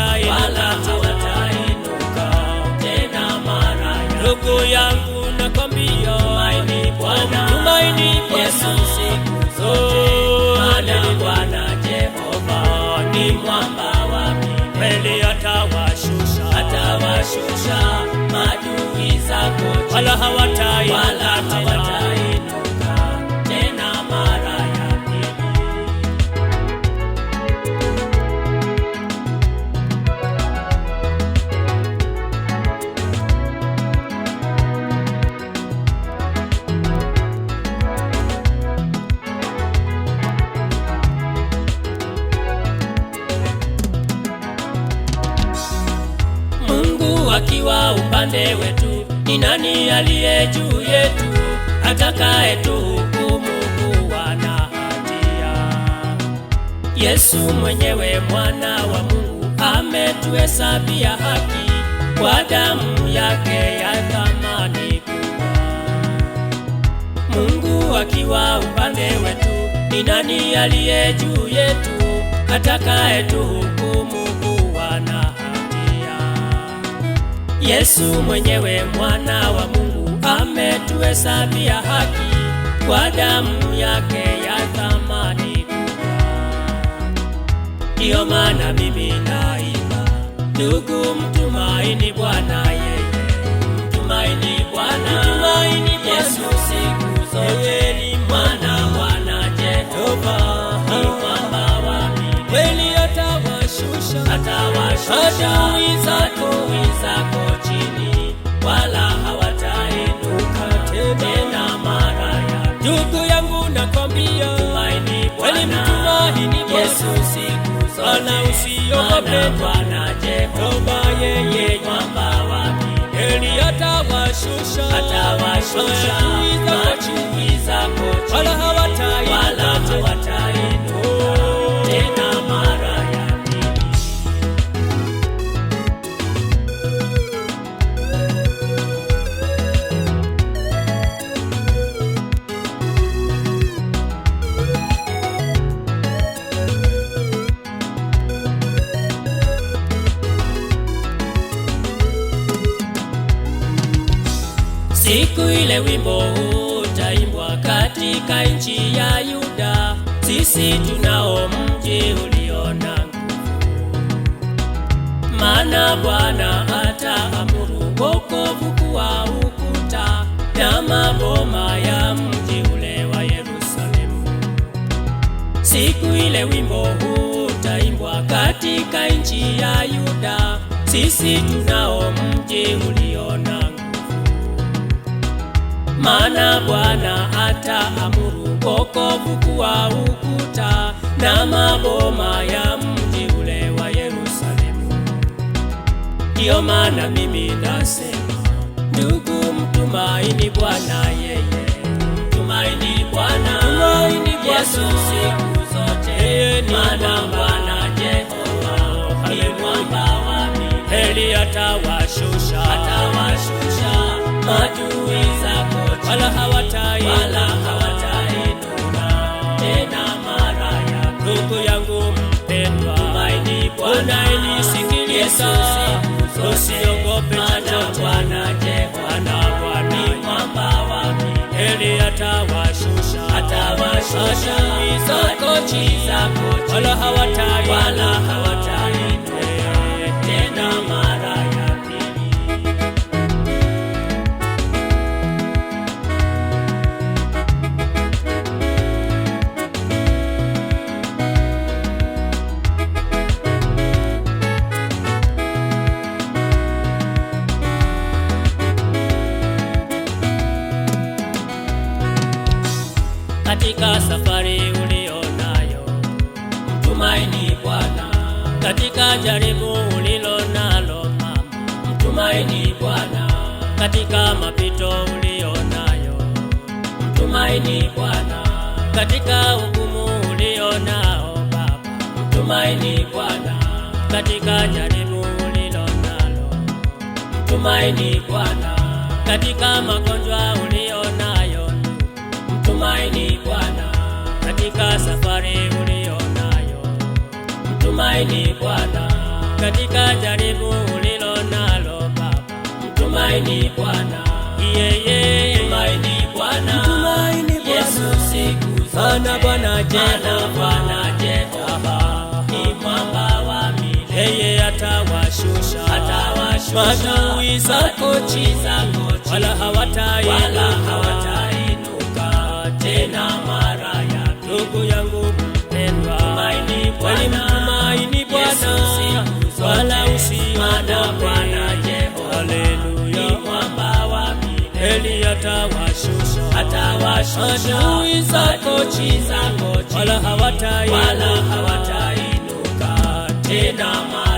hawatainuka tena mara ya ndugu yangu nakwambia, mtumaini Yesu siku zote, Bwana Jehova ni mwamba wa atawashusha atawashusha maadui zako, wala hawatainuka wakiwa upande wetu, ni nani aliye juu yetu atakayetuhukumu kuwa na hatia? Yesu mwenyewe mwana wa Mungu ametuhesabia haki kwa damu yake ya thamani kubwa. Mungu akiwa upande wetu, ni nani aliye juu yetu atakayetuhukumu Yesu mwenyewe mwana wa Mungu ametuhesabia haki kwa damu yake ya thamani kubwa. Ndiyo maana mimi naimba, ndugu, mtumaini Bwana, yeye mtumaini Bwana, mtumaini Yesu siku zote ni mwana wana Jehova kwamba wamini kweli atawashusha atawashusha Yesu siku zote, usiogope Bwana Jehova, yeye kwamba wapi, Eli atawashusha atawashusha Siku ile wimbo utaimbwa katika nchi ya Yuda, sisi tunao mji uliona nguvu, maana Bwana ataamuru wokovu kuwa ukuta na maboma ya mji ule wa Yerusalemu. Siku ile wimbo utaimbwa katika nchi ya Yuda, sisi tunao mji uliona maana Bwana ataamuru wokovu kuwa ukuta na maboma ya mji ule wa Yerusalemu. Ndiyo maana mimi nasema, ndugu, mtumaini Bwana yeye, tumaini Bwana, Yesu siku zote, maana Bwana Jehova ni mwamba wa milele, atawashusha atawashusha matu usiogope chochote, Bwana ni mwamba wako, heri atawashusha atawashusha, zako chini wala hawatari wala hawatari katika safari ulionayo, mtumaini Bwana. Katika jaribu ulilo nalo mama, mtumaini Bwana. Katika mapito ulionayo, mtumaini Bwana. Katika ugumu ulionao baba, mtumaini Bwana. Katika jaribu ulilo nalo, mtumaini Bwana. Katika magonjwa ulio mtumaini Bwana katika safari ulionayo, mtumaini Bwana katika jaribu ulilo nalo Baba, mtumaini Bwana yeye, mtumaini Bwana, mtumaini Yesu siku sana Bwana ana Bwana Jehova ni mwamba wa milele, yeye atawashusha atawashusha adui zako chini, wala hawata adui zako chiza, wala hawatainuka tena.